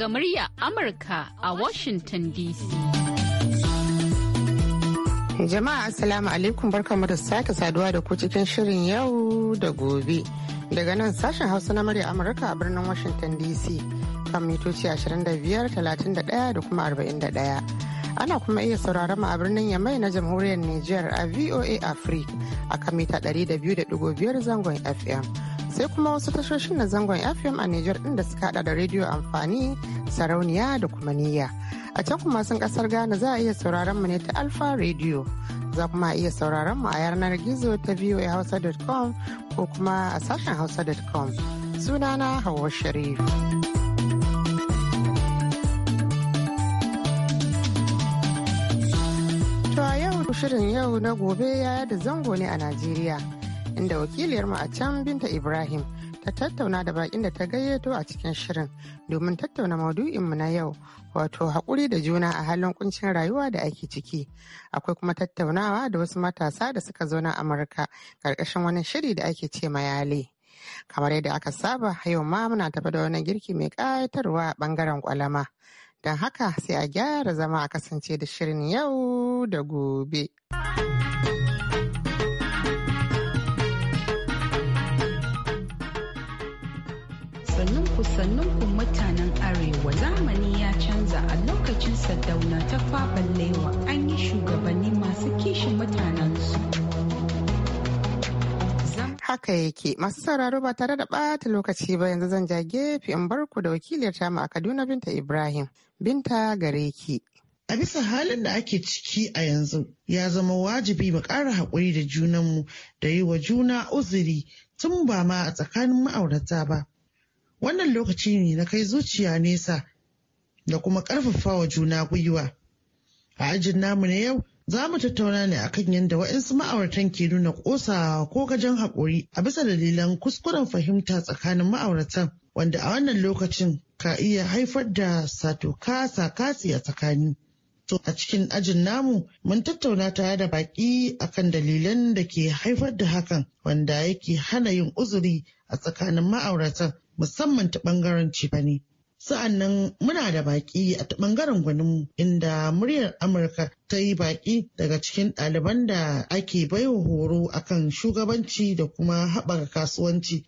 daga murya Amurka a Washington DC. Jama'a Assalamu alaikum barkamu da sake saduwa da ku cikin shirin yau da gobe. Daga nan sashen Hausa na murya Amurka a birnin Washington DC kan mitoci 25, 31 da kuma 41. Ana kuma iya sauraron mu a birnin Yamai na jamhuriyar Nijar a VOA Africa a kan mita 200.5 zangon FM. sai kuma wasu tashoshin na zangon FM a Nijar ɗin da suka hada da rediyo amfani, sarauniya da kuma niyya. A can kuma sun kasar Ghana za a iya sauraron mu ne ta Alfa Radio. Za kuma iya sauraron mu a yanar gizo ta voahausa.com ko kuma a sashen hausa.com. Sunana Hauwa Sharif. To a yau shirin yau na gobe ya da zango ne a Najeriya. inda wakiliyarmu a can Binta Ibrahim ta tattauna da bakin da ta gayyato a cikin shirin domin tattauna maudu'inmu na yau wato haƙuri da juna a halin kuncin rayuwa da ake ciki akwai kuma tattaunawa da wasu matasa da suka zo na amurka ƙarƙashin wani shiri da ake ce ma mayale kamar yadda aka saba yau ma muna tafi da wani girki mai ƙayatarwa a ɓangaren kwalama don haka sai a gyara zama a kasance da shirin yau da gobe. ku mutanen arewa zamani ya canza a lokacin sadauna ta lewa an yi shugabanni masu kishin mutanensu haka yake masu sauraro ba tare da ɓata lokaci ba yanzu zan ja gefe in barku da wakiliyar tamu a kaduna binta ibrahim binta gare ki a bisa halin da ake ciki a yanzu ya zama wajibi mu ƙara haƙuri da junanmu da yi wa juna uzuri tun ba ma a tsakanin ma'aurata ba Wannan lokaci ne na kai zuciya nesa da kuma ƙarfafawa juna gwiwa. A ajin namu na yau za mu tattauna ne akan yadda waɗansu ma'auratan ke nuna ƙosa ko gajen haƙuri a bisa dalilan kuskuren fahimta tsakanin ma'auratan wanda a wannan lokacin ka iya haifar da sato kasa kasi a tsakani. To a cikin ajin namu mun tattauna tare da baƙi akan dalilan da ke haifar da hakan wanda yake hana yin uzuri a tsakanin ma'auratan musamman ta bangaren cifani, Sa'an nan muna da baƙi a ta bangaren gwaninmu inda muryar Amurka ta yi baƙi daga cikin ɗaliban da ake baiwa horo akan shugabanci da kuma haɓaka kasuwanci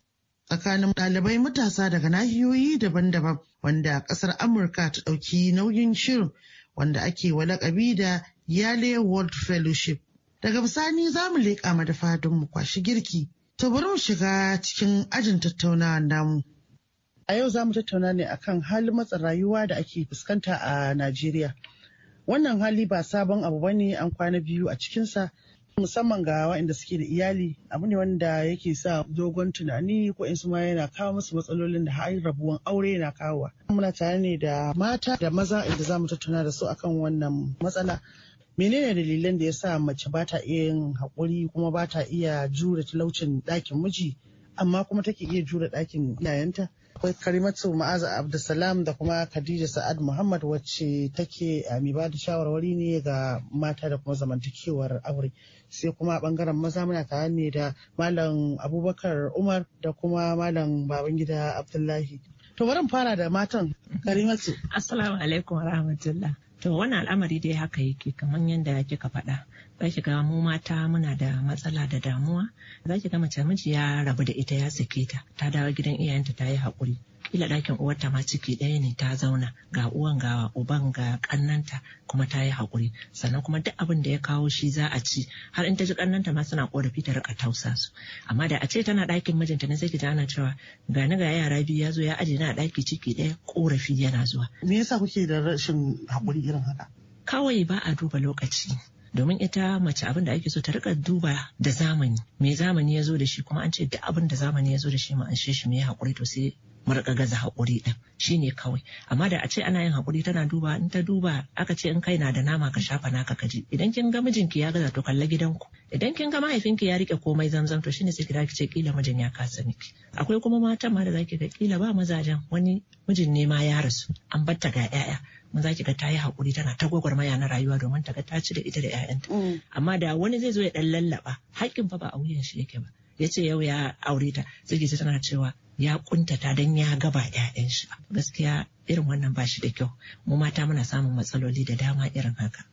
tsakanin ɗalibai matasa daga nahiyoyi daban-daban wanda ƙasar Amurka ta ɗauki nauyin shirin wanda ake wa laƙabi da Yale World Fellowship. Daga bisani za mu leƙa madafa don mu kwashi girki. ta bari mu shiga cikin ajin tattaunawa namu. A yau za mu tattauna ne akan halin matsin rayuwa da ake fuskanta a Najeriya. Wannan hali ba sabon abu ba ne an kwana biyu a cikinsa musamman ga waɗanda suke da iyali abu ne wanda yake sa dogon tunani ko in ma yana kawo musu matsalolin da har rabuwan aure yana kawowa. Muna tare ne da mata da maza inda za mu tattauna da su akan wannan matsala. menene dalilan da ya sa mace ba ta iya yin haƙuri kuma ba ta iya jure talaucin ɗakin miji amma kuma take iya jure ɗakin iyayenta akwai karimatu ma'aza abdulsalam da kuma khadija sa'ad muhammad wacce take eh, mai ba da shawarwari ne ga mata da kuma zamantakewar aure sai kuma bangaren maza muna tare ne da malam abubakar umar da kuma malam babangida abdullahi to bari fara da matan karimatu assalamu alaikum rahmatullah To wannan al'amari dai haka yake kamar yadda kika faɗa. Za ki ga mu mata muna da matsala da damuwa. Za ki ga mace miji ya rabu da ita ya sake ta. Ta dawo gidan iyayenta ta yi haƙuri. ila ɗakin uwarta ma ciki ɗaya ne ta zauna ga uwan ga uban ga kannanta kuma ta yi haƙuri sannan kuma duk abin da ya kawo shi za a ci har in ta ji kannanta ma suna korafi ta rika tausa su amma da a ce tana ɗakin mijinta ne sai ki ana cewa ga ni ga yara biyu ya zo ya aje na ɗaki ciki ɗaya korafi yana zuwa. me yasa kuke da rashin haƙuri irin haka. kawai ba a duba lokaci domin ita mace abin da ake so ta rika duba da zamani me zamani ya zo da shi kuma an ce duk abin da zamani ya zo da shi ma an shi mai hakuri to sai mu rika gaza haƙuri ɗin ne kawai amma da a ce ana yin haƙuri tana duba in ta duba aka ce in kai na da nama ka shafa naka ka ji idan kin ga mijinki ya gaza to kalla gidanku idan kin ga mahaifinki ya rike komai zamzam to shine sai ki ce kila mijin ya kasa miki akwai kuma matan ma da zaki ga kila ba mazajen wani mijin ne ma ya rasu an batta ga 'ya'ya mu za ki ga ta yi haƙuri tana ta gwagwarmaya na rayuwa domin ta ga ta ci da ita da 'ya'yanta. Mm. Amma da wani zai zo ya ɗan lallaɓa haƙƙin fa ba a wuyan shi yake ba. ya ce yau ya aure ta sai ce tana cewa ya kuntata don ya gaba ƴaƴan shi gaskiya irin wannan ba shi da kyau mu mata muna samun matsaloli da dama irin haka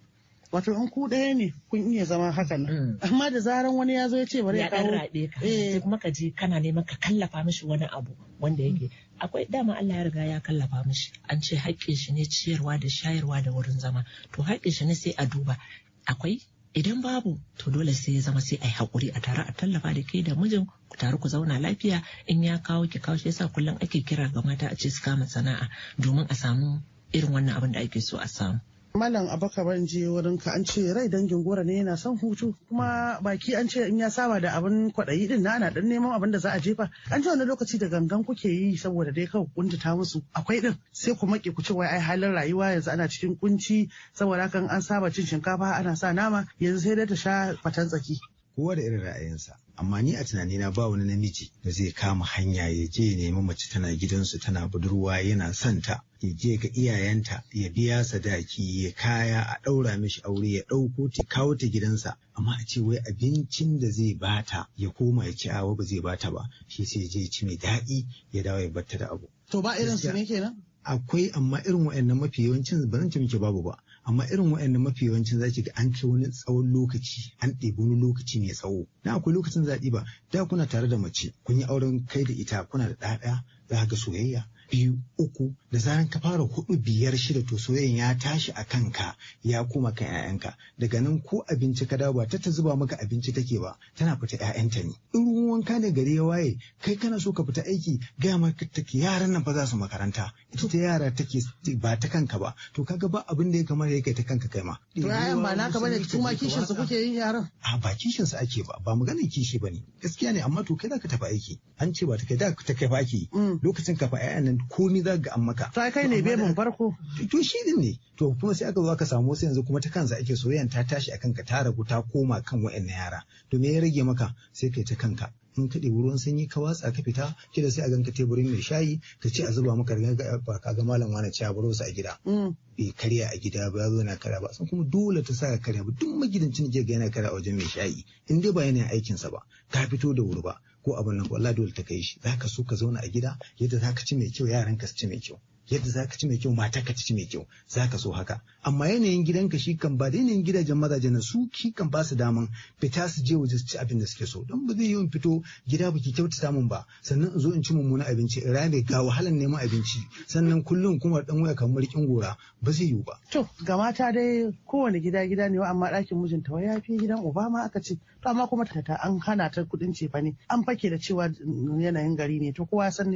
wato an ku ɗaya ne kun iya zama haka nan mm. amma da zaran wani ya zo ya ce bari ya kawo Ya raɗe ka eh. sai kuma ka je kana neman ka kallafa mishi wani abu wanda yake mm. akwai dama Allah ya riga ya kallafa mishi an ce haƙƙin shi ne ciyarwa da shayarwa da wurin zama to haƙƙin shi ne sai a duba akwai idan babu to dole sai ya zama sai a yi haƙuri a tare a tallafa da kai da mijin ku tare ku zauna lafiya in ya kawo ki kawo shi yasa kullum ake kira ga mata a ce su kama sana'a domin a samu irin wannan abin da ake so a samu Malam Abaka ban je wurin ka an ce rai dangin gora ne yana son hutu kuma baki an ce in ya saba da abin kwaɗayi din na ana dan neman abin da za a jefa an ce wani lokaci da gangan kuke yi saboda dai kawai kuntata musu akwai din sai ku make ku ce wai ai halin rayuwa yanzu ana cikin kunci saboda kan an saba cin shinkafa ana sa nama yanzu sai dai ta sha fatan tsaki kowa da irin ra'ayinsa amma ni a na ba wani namiji da zai kama hanya ya je ya nemi mace tana gidansu tana budurwa yana santa ya je ga iyayenta ya biya sadaki ya kaya a ɗaura mishi aure ya ɗauko ta kawo ta gidansa amma a ce wai abincin da zai bata ya koma ya ci awa ba zai bata ba shi sai je ci mai daɗi ya dawo ya batta da abu. To ba irin su ne kenan? Akwai amma irin waɗannan mafi yawancin ba zan ci muke babu ba. amma irin waɗanda mafi yawancin za ga an ci wani tsawon lokaci an ɗebi wani lokaci mai tsawo na akwai lokacin zaɓi ba da kuna tare da mace kun yi auren kai da ita kuna da ɗaɗa, za ga soyayya biyu uku da zaran ka fara hudu biyar shida to soyayyen ya tashi a kanka ya koma ka 'ya'yanka daga nan ko abinci ka dawo ba ta ta zuba maka abinci take ba tana fita 'ya'yanta ne in ruwan wanka ne gari ya waye kai kana so ka fita aiki gaya maka take yaran nan fa za su makaranta ita ta yara take ba ta kanka ba to kaga ba abin da ya kamata ya ta kanka kai ma to ayan ba naka bane kuma kishin su kuke yin yaran a ba kishin su ake ba ba maganar kishi bane gaskiya ne amma to kai za ka tafi aiki an ce ba ta kai da ta kai aiki. Mm. lokacin ka fa 'ya'yan nan komi za ga an maka ta kai ne mun farko to shi din ne to kuma sai aka zo aka samu wasu yanzu kuma ta kansa ake soyayyan ta tashi akan ka ta ragu ta koma kan wa'annan yara to me ya rage maka sai kai ta kanka in ka ɗebi ruwan sanyi ka watsa ka fita kida sai a ganka teburin mai shayi ka ce a zuba maka riga ba ka ga malam wani ci a baro su a gida mm. bai karya a gida ba zo na karya ba sun kuma dole ta sa ka karya ba duk magidancin da ga yana karya a wajen mai shayi in dai ba yana aikin sa ba ka fito da wuri ba ko abin nan Allah dole ta kai shi zaka so ka zauna a gida yadda zaka ci mai kyau yaran ka su ci mai kyau yadda za ka ci mai kyau mata ka ci mai kyau za ka so haka amma yanayin gidanka shi kan ba da yanayin gidajen mazajen na su ki kan ba su daman fita su je waje su ci abin da suke so don ba zai yi fito gida ba ki kyautata min ba sannan in zo in ci mummunan abinci in rame ga wahalan neman abinci sannan kullum kuma dan waya kamar kin gora ba zai yiwu ba. to ga mata dai kowane gida gida ne amma ɗakin mijinta wai ya fi gidan obama aka ce to amma kuma ta an hana ta kuɗin ce ne an fake da cewa yanayin gari ne to kowa san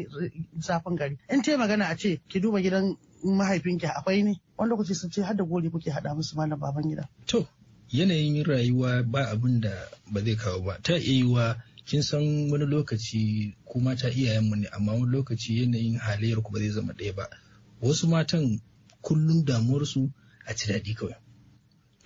zafin gari in yi magana a ce ki duba gidan mahaifinki akwai ne wani lokaci sun ce har da gori kuke haɗa musu malam baban gida. To yanayin rayuwa ba abin da ba zai kawo ba ta iya kin san wani lokaci ku mata iyayenmu ne amma wani lokaci yanayin halayyar ku ba zai zama ɗaya ba wasu matan kullum damuwarsu a ci daɗi kawai.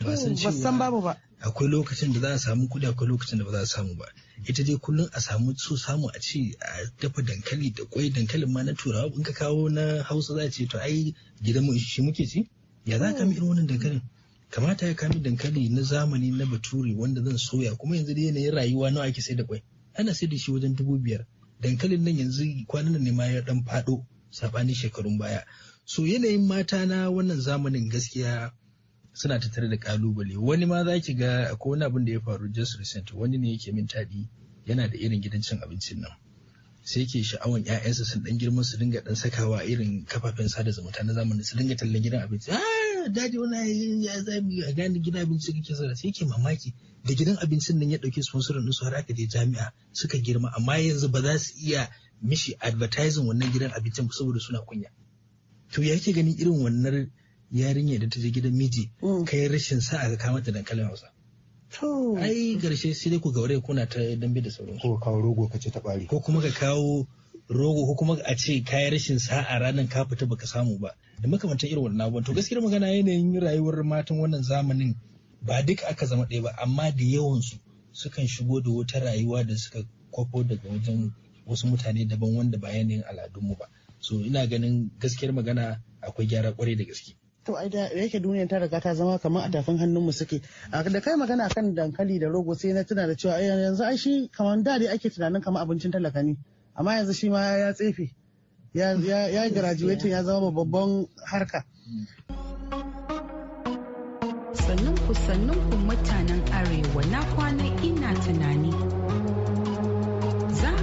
Ba san babu ba. akwai lokacin da za a samu kuɗi akwai lokacin da ba za a samu ba ita dai kullum a samu so samu a ci a dafa dankali da kwai dankalin ma na turawa in ka kawo na hausa za a ce to ai gidan mu shi muke ci ya za ka irin wannan dankalin kamata ya kami dankali na zamani na bature wanda zan soya kuma yanzu da yanayin rayuwa nawa ake sai da kwai ana sai da shi wajen dubu biyar dankalin nan yanzu kwanan ne ma ya dan fado sabanin shekarun baya so yanayin mata na wannan zamanin gaskiya suna ta tare da kalubale wani ma za ki ga ko wani abin da ya faru just recent wani ne yake min tadi yana da irin gidan cin abincin nan sai ke sha'awan 'ya'yansa sun dan girma su dinga dan sakawa irin kafafen sada zumunta na zamani su dinga tallan gidan abinci ah daji wani ya zabi a gani gidan abinci kake sada sai ke mamaki da gidan abincin nan ya dauke sponsorin din su har aka je jami'a suka girma amma yanzu ba za su iya mishi advertising wannan gidan abincin saboda suna kunya to ya ke ganin irin wannan yarinya da ta je gidan miji mm. kai rashin sa'a ga kama ta dankalin hausa ai garshe sai dai ku gaure kuna ta dambe da sauransu ko kawo rogo ka ce ta bari ko kuma ka kawo rogo ko kuma a ce kayan rashin sa'a ranar ka fita baka samu ba da makamantan irin wannan abubuwan to gaskiyar magana yanayin rayuwar matan wannan zamanin ba duka aka zama ɗaya ba amma da yawansu sukan shigo da wata rayuwa da suka kwafo daga wajen wasu mutane daban wanda ba yanayin al'adunmu ba so ina ganin gaskiyar magana akwai gyara kwarai da gaske to ai da yake duniyar ta riga ta zama kamar a tafin mu suke da kai magana kan dankali da rogo sai na tuna da cewa yanzu ai shi kamar da dai ake tunanin kamar abincin talaka ne amma yanzu shi ma ya tsefe ya graduating ya zama babban harka sannan ku sannan ku mutanen arewa na kwana ina tunani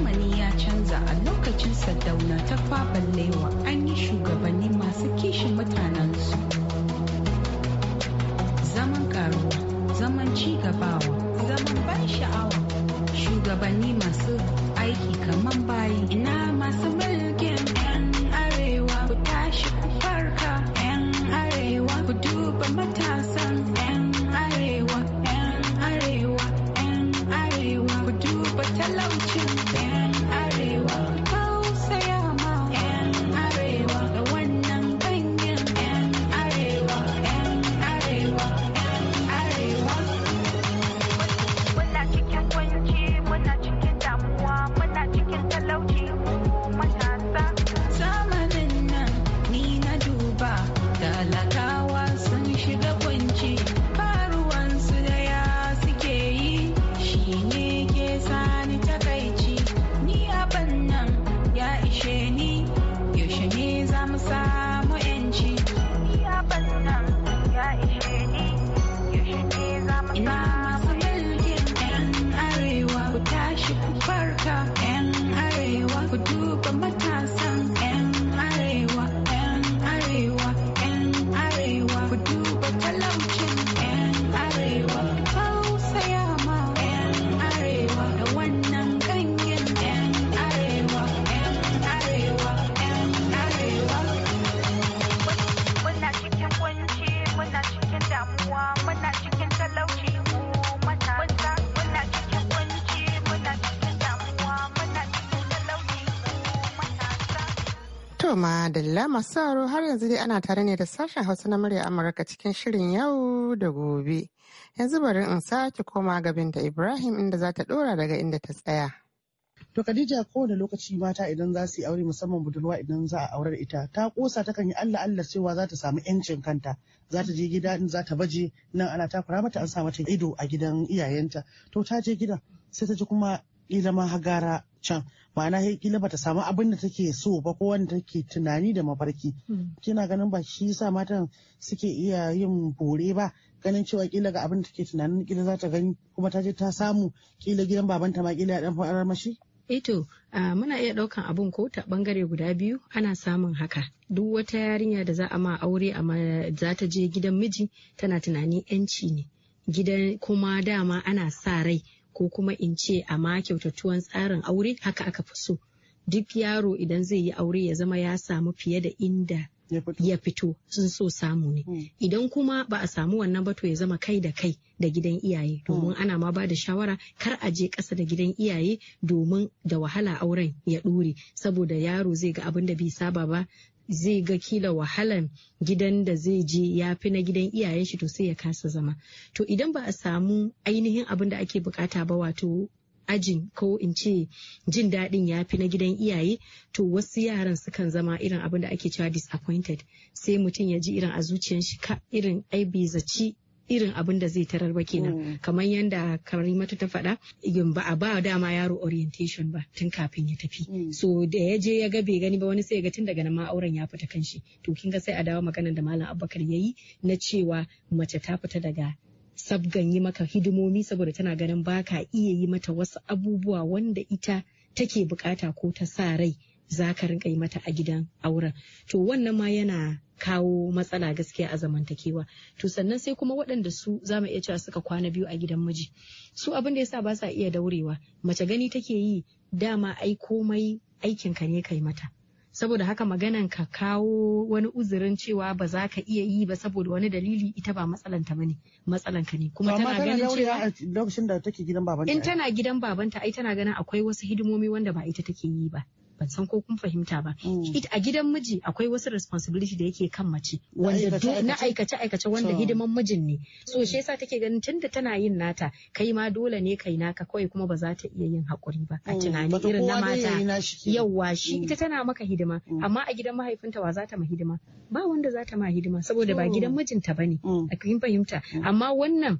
zamani ya canza a lokacin sadauna ta faballewa an yi shugabanni masu kishin mutanensu zaman karuwa zaman cigabawa zaman ban sha'awa shugabanni masu aiki kamar bayi ina masu mulkin yan arewa ku tashi ku farka yan arewa ku duba mata To ma dalla masu har yanzu dai ana tare ne da sashen Hausa na murya Amurka cikin shirin yau da gobe. Yanzu bari in sake koma ga Binta Ibrahim inda za ta dora daga inda ta tsaya. To Khadija kowane lokaci mata idan za su yi aure musamman budurwa idan za a aurar ita ta kosa ta kan yi Allah Allah cewa za ta samu yancin kanta za ta je gida in za ta baje nan ana takura mata an sa mata ido a gidan iyayenta to ta je gida sai ta ji kuma ila ma hagara can ma'ana ya kila bata samu abin da take so ba ko wanda take tunani da mafarki hmm. kina ganin ba shi yasa matan suke iya yin bore ba ganin cewa kila ga abin da take tunanin kila za ta gani kuma ta je ta samu kila gidan babanta ma kila ya dan farar mashi Eto, eh uh, muna iya ɗaukan abun ko ta ɓangare guda biyu ana samun haka. Duk wata yarinya da za a ma aure amma za ta je gidan miji tana tunanin 'yanci ne. Gidan kuma dama ana sa rai ko kuma in ce a ma kyautatuwan tsarin aure haka aka fi so duk yaro idan zai yi aure ya zama ya samu fiye da inda ya fito sun so samu ne hmm. idan kuma ba a samu wannan ba to ya zama kai da kai da gidan iyaye hmm. domin ana ma ba da shawara kar a je ƙasa da gidan iyaye domin da wahala auren ya ɗore saboda yaro zai ga abin da bai saba ba zai ga kila wahalan gidan da zai je ya fi na gidan iyayen shi to sai ya kasa zama to idan ba a samu ainihin abin da ake bukata ba wato ajin ko in ce jin daɗin ya fi na gidan iyaye to wasu yaran sukan zama irin abin da ake cewa disappointed sai mutum ya ji irin a zuciyar shi ka irin ai bai zaci irin abin da zai tarar ba kenan mm. kamar yadda karimatu ta faɗa ba a ba dama yaro orientation ba tun kafin ya tafi mm. so da ya je ya ga bai gani ba wani sai ga tun daga nan ma auren ya fita kanshi to kin ga sai a dawo magana da malam abubakar yi na cewa mace ta fita daga sabgan yi maka hidimomi saboda tana ganin baka iya yi mata wasu abubuwa wanda ita take bukata ko ta sa rai za ka rinka yi mata a gidan auren to wannan ma yana kawo matsala gaskiya a zamantakewa to sannan sai kuma waɗanda su za mu iya cewa suka kwana biyu a gidan miji su abin da yasa ba sa iya daurewa mace gani take yi dama ai komai aikin ka ne kai mata saboda haka maganan ka kawo wani uzurin cewa ba za ka iya yi ba saboda wani dalili ita ba matsalanta bane matsalanka ne kuma tana ganin cewa lokacin da take gidan babanta in tana gidan babanta ai tana ganin akwai wasu hidimomi wanda ba ita take yi ba ban san ko kun fahimta ba mm. a gidan miji akwai wasu responsibility da yake kan mace wanda na aikace aikace wanda hidiman mijin ne so mm. shi yasa take ganin tunda tana yin nata kai ma dole ne kai naka kawai kuma ba za ta iya yin hakuri ba a mm. tunani irin na mata yawwa shi ita tana maka hidima amma a gidan mahaifinta wa za ta ma hidima ba wanda za ta ma hidima saboda ba gidan mijinta ne. a kin fahimta amma wannan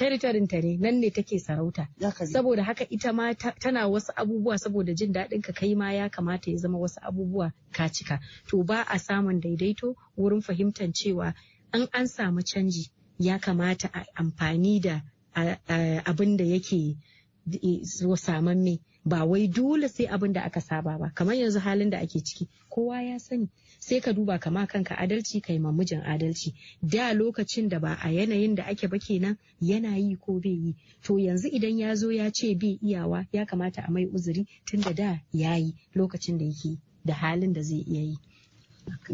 territorin ta ne nan ne take sarauta saboda haka ita ma tana wasu abubuwa saboda jin daɗin ka kai ma ya kamata ya zama wasu abubuwa ka cika to ba a samun daidaito wurin fahimtar cewa an an samu canji ya kamata a amfani da abin da yake e, me ba wai dole sai abin da aka saba ba kamar yanzu halin da ake ciki kowa ya sani sai ka duba kama kanka adalci kai mamujin adalci da lokacin da ba a yanayin da ake ba kenan yana yi ko bai yi to yanzu idan ya zo ya ce bai iyawa ya kamata a mai uzuri tun da da ya yi lokacin da yake da halin da zai iya yi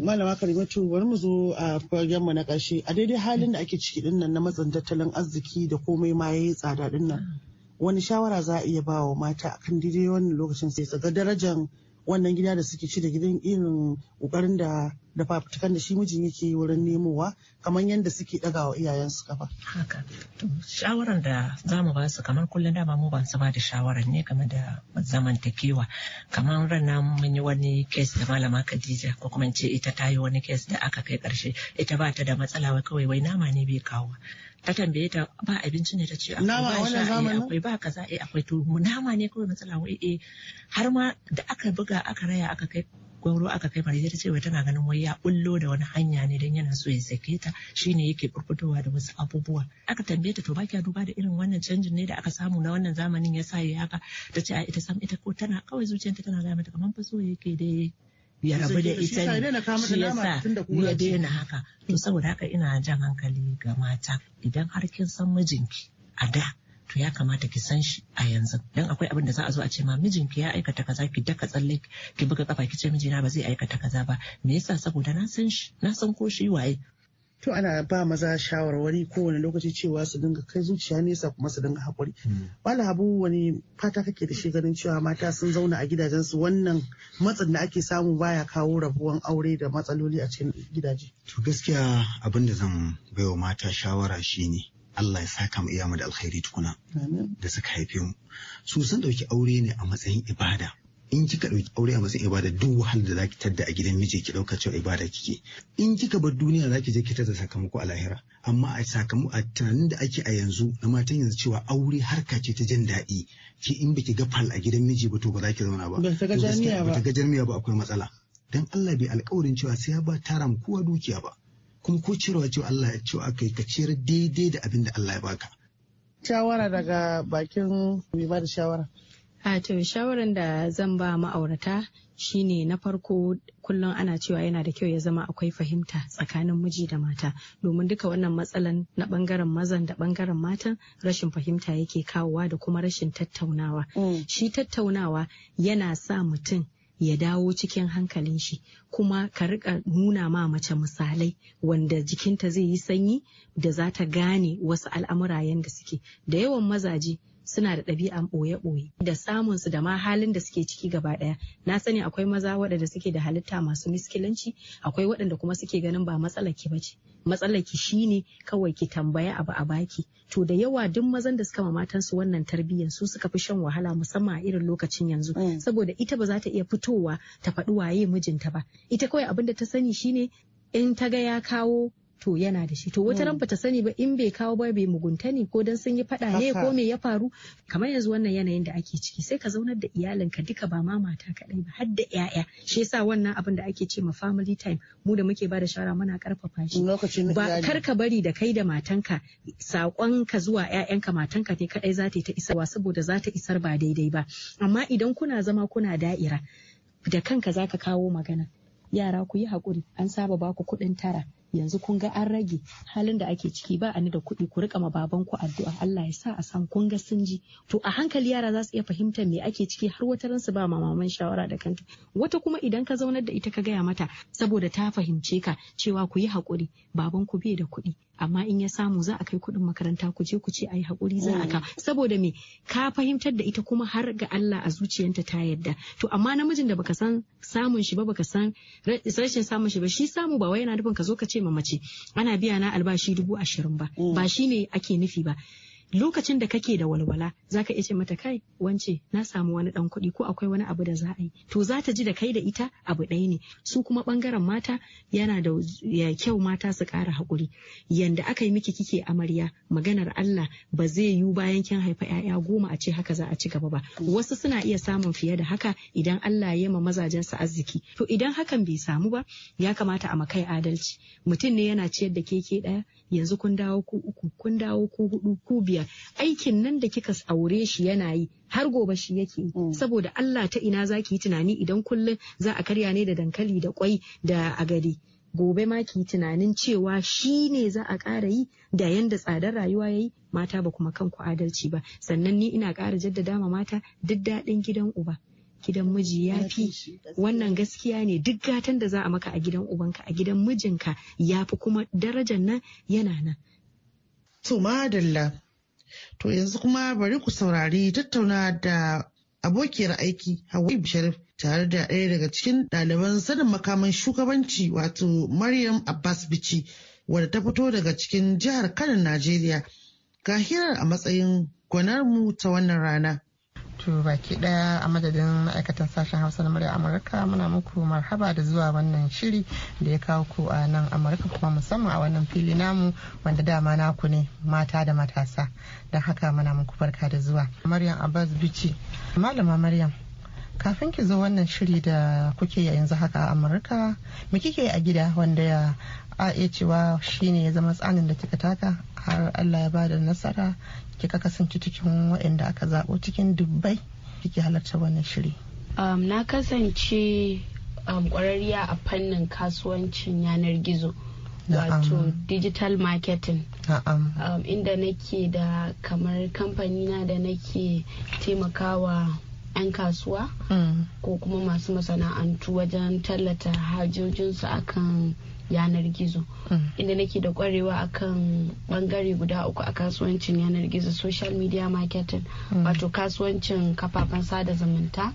malama karimatu bari mu zo a fagen mu na ƙarshe a daidai halin da ake ciki dinnan na matsin tattalin arziki da komai ma yayi tsada dinnan wani shawara za a iya ba wa mata akan daidai wannan lokacin sai tsaga darajar wannan gida da suke ci da gidan irin kokarin da da fafutukan da shi mijin yake wurin nemowa kamar yadda suke daga wa iyayensu kafa. Haka. Shawaran da za mu ba su kamar kullum dama mu ban su ba da shawaran ne game da zamantakewa. Kamar rana mun yi wani kes da malama Khadija ko kuma ce ita ta yi wani kes da aka kai karshe ita ba ta da matsala kawai wai nama ne bai kawo. ta tambaye ta ba abinci ne ta ce akwai akwai ba kaza eh akwai to nama ne kawai matsala wai eh har ma da aka buga aka raya aka kai gwauro aka kai mara ta ce wai tana ganin wai ya bullo da wani hanya ne don yana so ya sake ta shine yake burbutowa da wasu abubuwa aka tambaye ta to ba kya duba da irin wannan canjin ne da aka samu na wannan zamanin ya sa ya haka ta ce a ita sam ita ko tana kawai zuciyarta tana gaya mata kamar fa so yake dai ya rabu da ita ne shi ya sa ya daina haka to saboda haka ina jan hankali ga mata idan har kin san mijinki a da to ya kamata ki san shi a yanzu dan akwai abin da za a zo a ce ma mijinki ya aikata kaza ki daka tsalle ki buga kafa ki ce mijina ba zai aikata kaza ba me yasa saboda na san shi na san ko shi waye to ana ba maza shawarwari kowane lokaci cewa su dinga kai zuciya nesa kuma su dinga hakuri. wala hmm. abu wani fata kake da shi ganin cewa mata sun zauna a gidajensu wannan matsin da ake samu baya kawo rabuwan aure da matsaloli a cikin gidaje to gaskiya abin da zan baiwa mata shawara shine Allah ya saka mu mu da alkhairi tukuna da suka haife mu su sun dauki aure ne a matsayin ibada in kika ɗauki aure a matsayin ibada duk wahala da zaki tadda a gidan miji ki ɗauka cewa ibada kike in kika bar duniya zaki je ki tadda sakamako a lahira amma a sakamako a tunanin da ake a yanzu na matan yanzu cewa aure harka ce ta jin daɗi ki in biki ga fal a gidan miji ba to ba za zauna ba ba ta gajarmiya ba akwai matsala dan Allah bai alƙawarin cewa sai ya ba taram kowa dukiya ba kuma ko cewa cewa Allah ya cewa kai ka ciyar daidai da abin da Allah ya baka shawara daga bakin mai ba da shawara A to shawaran da zan ba ma'aurata shine na farko kullum ana cewa yana da kyau ya zama akwai fahimta tsakanin miji da mata domin duka wannan matsalan na bangaren mazan da bangaren matan rashin fahimta yake kawowa da kuma rashin tattaunawa. Mm. Shi tattaunawa yana sa mutum ya dawo cikin hankalin shi kuma ka rika nuna ma mace misalai wanda jikinta zai yi sanyi da za ta gane wasu al'amura yadda suke da yawan mazaje suna da ɗabi'an ɓoye-ɓoye da samun su da ma halin da suke ciki gaba ɗaya na sani akwai maza waɗanda suke da halitta masu miskilanci akwai waɗanda kuma suke ganin ba matsalaki ba ce. Matsalaki shine kawai ki tambaya abu a baki to da yawa duk mazan da suka ma matan su wannan tarbiyyar su suka fi shan wahala musamman a irin lokacin yanzu mm. saboda ita ba za ta iya fitowa ta faɗi waye mijinta ba ita kawai abin da ta sani shine in ta ga ya kawo to yana da shi to wata ran mm. bata sani ba in bai kawo ba bai mugunta ne ko dan sun yi fada ne ko me ya faru kamar yanzu wannan yanayin da ake ciki sai ka zaunar da iyalin ka duka ba ma mata kadai ba har da yaya shi yasa wannan abin da ake ce ma family time mu da muke bada da shawara muna karfafa shi ba kar ka bari da kai da matanka sakon ka zuwa 'ya'yanka matanka ne kadai za ta yi ta wa saboda za ta isar ba daidai ba amma idan kuna zama kuna da'ira da kanka zaka kawo magana yara ku yi haƙuri an saba baku kuɗin tara yanzu kun ga an rage halin da ake ciki ba a ni da kuɗi ku rika ma baban ku addu'a Allah ya sa a san kun ga sun ji to a hankali yara za su iya fahimtar me ake ciki har wata su ba mamaman shawara da kanta wata kuma idan ka zaunar da ita ka gaya mata saboda ta fahimce ka cewa ku yi hakuri baban ku bai da kuɗi amma in ya samu za a kai kuɗin makaranta ku je ku ce ayi hakuri za a ka mm. saboda me ka fahimtar da ita kuma har ga Allah a zuciyarta ta yadda to amma namijin da baka san samun shi ba baka san rashin samun shi ba shi samu ba wai yana nufin ka zo ka ce ma mace ana biya na albashi dubu ashirin ba oh. ba ne ake nufi ba lokacin da kake da walwala zaka iya ce mata kai wance na samu wani dan kuɗi ko akwai wani abu da za a yi to za ta ji da kai da ita abu ɗaya ne su kuma bangaren mata yana da ya kyau mata su ƙara haƙuri yanda aka yi miki kike amarya maganar Allah ba zai yiwu bayan kin haifa yaya goma a ce haka za a ci gaba ba wasu suna iya samun fiye da haka idan Allah ya ma mazajen su arziki to idan hakan bai samu ba ya kamata a makai adalci mutum ne yana ciyar da keke ɗaya yanzu kun dawo ku uku kun dawo ku hudu ku biyar soyayya aikin nan da kika aure shi yana yi har gobe shi yake yi mm. saboda Allah ta ina zaki yi tunani idan kullum za a karya ne da dankali da kwai da agari gobe ma ki tunanin cewa shi ne za a ƙara yi da yanda tsadar rayuwa ya yi mata ba kuma kanku adalci ba sannan ni ina ƙara jaddada ma mata duk daɗin gidan uba gidan miji ya fi wannan gaskiya ne duk gatan da za a maka a gidan ubanka a gidan mijinka ya fi kuma darajar nan yana nan. To madalla To yanzu kuma bari ku saurari tattauna da abokiyar aiki Hawwa Sharif tare da ɗaya daga cikin ɗaliban sanin makaman shugabanci wato Maryam Abbas Bichi wadda ta fito daga cikin jihar Kano Najeriya. Ga hirar a matsayin gwanarmu ta wannan rana. To baki daya a madadin ma'aikatan sashen Hausa na murya Amurka muna muku marhaba da zuwa wannan shiri da ya kawo ku a nan Amurka kuma musamman a wannan fili namu wanda dama naku ne mata da matasa. Don haka muna muku barka da zuwa. Maryam Abbas Bici. Malama Maryam. Kafin ki zo wannan shiri da kuke yanzu haka a Amurka, me kike a gida wanda ya a iya cewa shine ya zama tsanin da kika taka har allah ya bada nasara kika kasance cikin waɗanda aka zaɓo cikin dubbai kike halarta wannan shiri um, na kasance um, a fannin kasuwancin yanar gizo wato digital marketing um, inda nake da kamar kamfanina da nake taimakawa 'yan kasuwa mm. ko kuma masu masana'antu wajen tallata hajojinsu akan yanar gizo mm. inda nake da kwarewa akan bangare guda uku a kasuwancin yanar gizo social media marketing mm. wato kasuwancin kafafen sada zumunta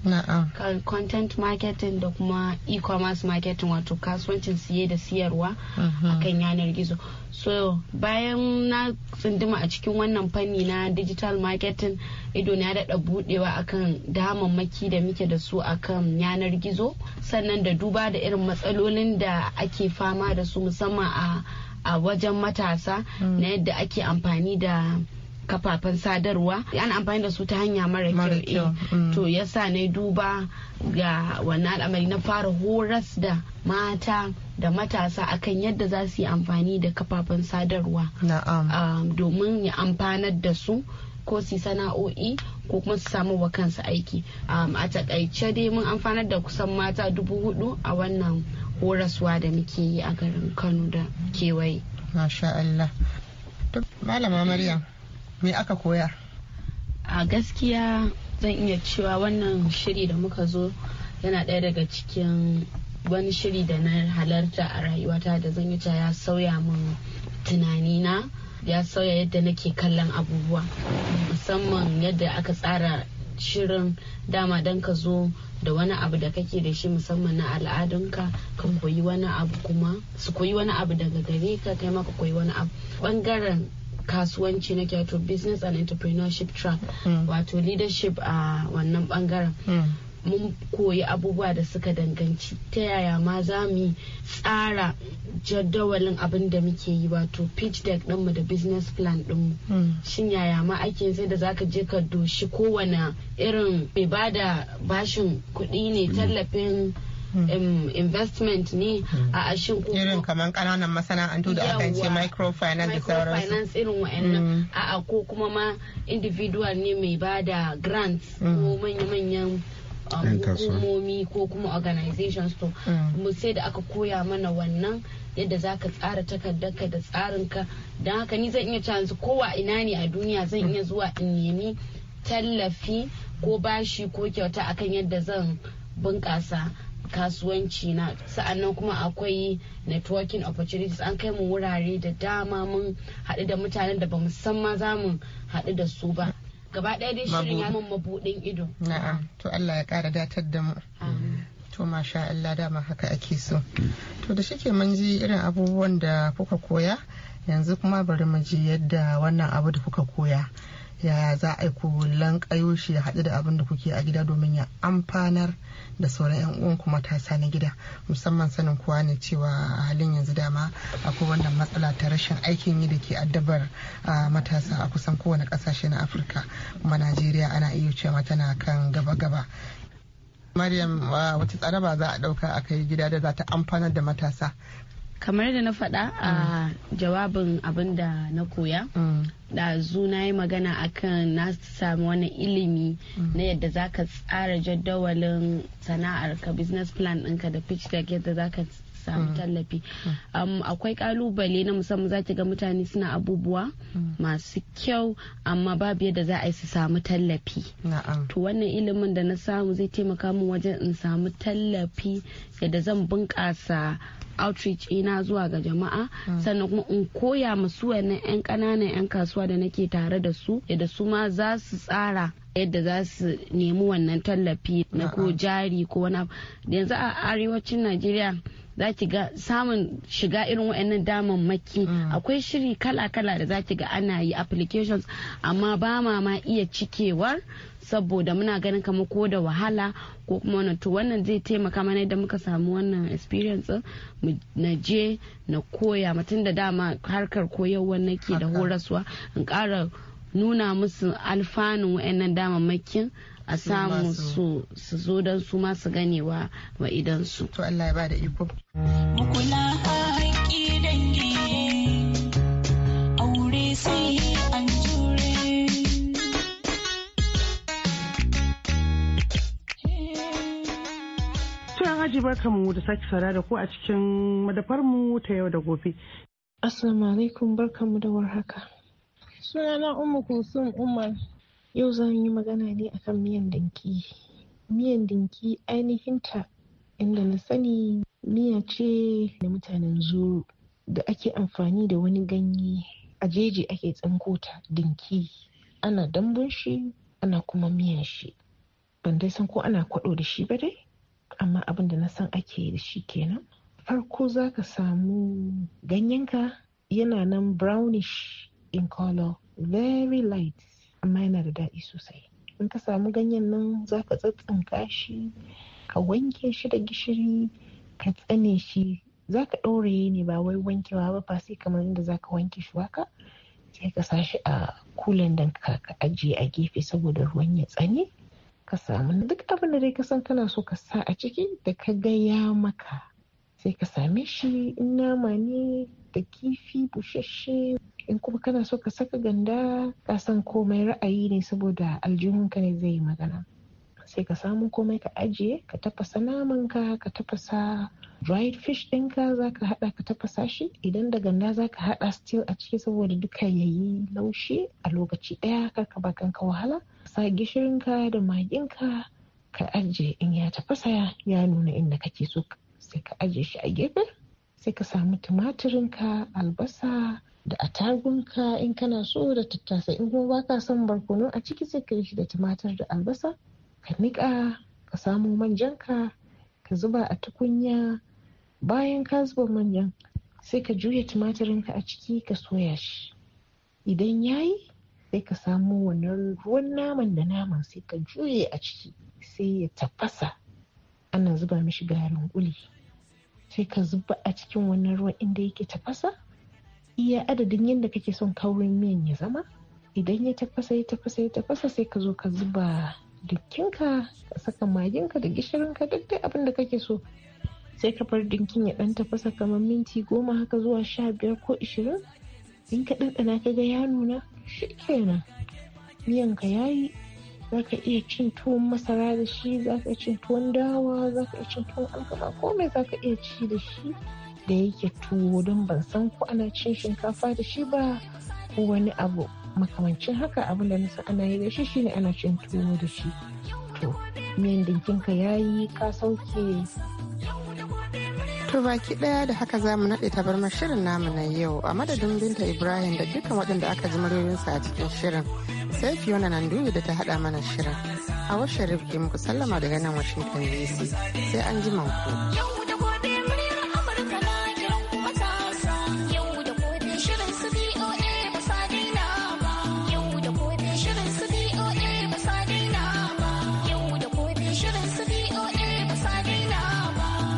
content marketing da kuma e-commerce marketing wato kasuwancin siye da siyarwa mm-hmm. akan yanar gizo so bayan na tsinduma a cikin wannan fanni na digital marketing ido na daɗa budewa akan damammaki da muke da su akan yanar gizo sannan da duba da irin matsalolin da ake fama fama da su musamman a a wajen matasa mm. na yadda ake amfani da kafafen sadarwa ana amfani da su ta hanya mara kyau eh. mm. to yasa na duba ga wannan al'amari na fara horas da mata da matasa akan yadda za su yi amfani da kafafen sadarwa ah, domin ya amfanar da su ko su sana'o'i ko kuma su samu wa kansu aiki ah, a takaice dai mun amfanar da kusan mata dubu hudu a wannan horaswa da muke yi a garin kano da kewaye masha Allah malama maryam me aka koya a gaskiya zan iya cewa wannan shiri da muka zo yana ɗaya daga cikin wani shiri da na halarta a rayuwata da zan yi ya sauya min na ya sauya yadda nake kallon abubuwa musamman yadda aka tsara shirin dama don ka zo da wani abu da kake da shi musamman na al'adunka ka koyi wani abu kuma su koyi wani abu daga gari ka kai maka koyi wani abu bangaren kasuwanci na wato business and entrepreneurship track hmm. wato leadership a wannan bangaren hmm. mun koyi abubuwa da suka danganci ta yaya ma za mu tsara jadawalin abin da muke yi wato pitch deck ɗinmu da business plan ɗinmu hmm. shin yaya ma ake sai da zaka je ka doshi kowane irin mai bada bashin kuɗi ne hmm. tallafin hmm. investment ne A'a a ashin ko irin kamar kananan masana'antu da aka ce microfinance da sauransu microfinance irin wa'annan a ko kuma ma individual ne mai ba da grants ko manya-manyan hukumomi ko kuma organizations to mm. mu sai da aka koya mana wannan yadda za ka tsara takardarka da tsarinka don haka ni zan iya canzu kowa ina ne a duniya zan iya zuwa in nemi tallafi ko bashi ko kyauta akan yadda zan bunƙasa kasuwanci na sa'annan kuma akwai networking opportunities an kai mu wurare da dama mun haɗu da mutanen da bamu san ma za mu haɗu da su ba gaba ɗaya dai shirin ya mun mabuɗin ido na'am to Allah ya ƙara datar da mu to masha Allah dama haka ake so to da shike mun ji irin abubuwan da kuka koya yanzu kuma bari mu ji yadda wannan abu da kuka koya yaya za a yi ku lankayo shi ya haɗu da abin da kuke a gida domin ya amfanar da sauran 'yan uwan uwanku matasa na gida musamman sanin kuwa ne cewa a halin yanzu dama akwai wannan matsala ta rashin aikin yi da ke addabar matasa a kusan kowane ƙasashe na afirka kuma najeriya ana iya cewa tana kan gaba-gaba Maryam wata tsaraba za a ɗauka a kai gida da za ta amfanar da matasa kamar da na faɗa a jawabin abin da na koya da na yi magana akan na samu wani ilimi na yadda za ka tsara jadawalin sana'ar ka business plan ɗinka da pitch deck yadda za ka samu mm. tallafi mm. akwai kalubale na musamman za ga mutane suna abubuwa mm. masu kyau amma babu yadda za a yi su samu tallafi to wannan ilimin da na samu zai taimaka min wajen in samu tallafi yadda zan bunƙasa outreach ina zuwa ga jama'a ah. sannan kuma in koya masu wannan 'yan kananan 'yan kasuwa da nake tare da su yadda su ma za su tsara yadda za su nemi wannan tallafi na ko ah, ah. jari ko wani yanzu a arewacin najeriya za ki ga samun shiga irin wa'annan damammaki mm. akwai shiri kala-kala da za ki ga ana yi applications amma ba ma ma iya cikewar saboda muna ganin kamar ko da wahala ko kuma wannan to wannan zai taimaka mana da muka samu wannan experience na je na koya mutum da dama harkar koyarwa nake da horaswa in ƙara nuna musu alfanun wa'annan damammakin a samu su su zo don su masu ganewa wa idan su to Allah ya bada iko mukula haƙi dangi aure sai an jure Tuna haji mu da sake sara da ku a cikin madafarmu ta yau da gobe. Assalamu alaikum barkamu da warhaka. Sunana Umma Kulsum Umar Yau za mu yi magana ne a kan miyan dinki. Miyan dinki ainihinta inda na sani miya ce na mutanen Zuru da ake amfani da wani ganye a jeji ake tsinko ta dinki. Ana dambun shi ana kuma miyan shi. Ban dai san ko ana kwaɗo da shi ba dai, amma abin da na san ake da shi kenan. Farko za ka samu ganyenka yana nan brownish in color, very light. amma yana da daɗi sosai in ka samu ganyen nan za ka tsatsinka shi ka wanke shi da gishiri ka tsane shi za ka ɗoraye ne ba wai wankewa ba ba sai kamar inda za ka wanke shi waka sai ka sa shi a kulan da ka ajiye a gefe saboda ruwan ya tsane ka samu duk abin da dai ka san kana so ka sa a ciki da ka ga ya maka sai ka same shi in nama ne da kifi bushashe in kuma kana so ka saka ganda ka san komai ra'ayi ne saboda aljihunka ne zai yi magana sai ka samu komai ka ajiye ka tafasa namanka ka tafasa dried fish ɗinka za ka haɗa ka tafasa shi idan da ganda za ka haɗa still a ciki saboda duka yayi laushi a lokaci ɗaya karka ka bakan ka wahala sa gishirinka da maginka ka ajiye in ya tafasa ya nuna inda kake so ka. sai ka ajiye shi a gefe sai ka samu tumatirinka albasa da atagunka in kana so da tattasa. in kuma baka son barkono a ciki sai ka yi shi da tumatir da albasa ka niƙa ka samu manjanka ka zuba a tukunya bayan ka zuba manjan sai ka juya tumatirinka a ciki ka soya shi idan yayi sai ka samu wannan ruwan naman da naman sai ka juye a ciki sai ya tafasa ana zuba mishi garin kuli sai ka zuba a cikin wannan ruwan inda yake tafasa iya adadin yadda kake son kaurin miyan ya zama idan ya tafasa ya tafasa ya tafasa sai ka zo ka zuba dukkinka ka saka maginka da gishirinka duk dai abin da kake so sai ka bar dinkin ya dan tafasa kamar minti goma haka zuwa sha biyar ko ishirin in ka ɗanɗana ka ga ya nuna shi kenan miyanka ya yi za ka iya cin tuwon masara da shi za ka iya cin tuwon dawa za ka iya cin tuwon alkama komai za ka iya ci da shi da yake tuwo don ban san ko ana cin shinkafa da shi ba ko wani abu makamancin haka abin da nasa ana yi da shi shine ana cin tuwo da shi to miyan dinkinka yayi ka sauke To baki daya da haka za mu naɗe tabarmar shirin namu na yau a madadin Binta Ibrahim da dukkan waɗanda aka ji muryoyinsu a cikin shirin. Sai Fiona Nanduyu da ta haɗa mana shirin. A washe rifki muku sallama daga nan Washington DC. Sai an ji manku.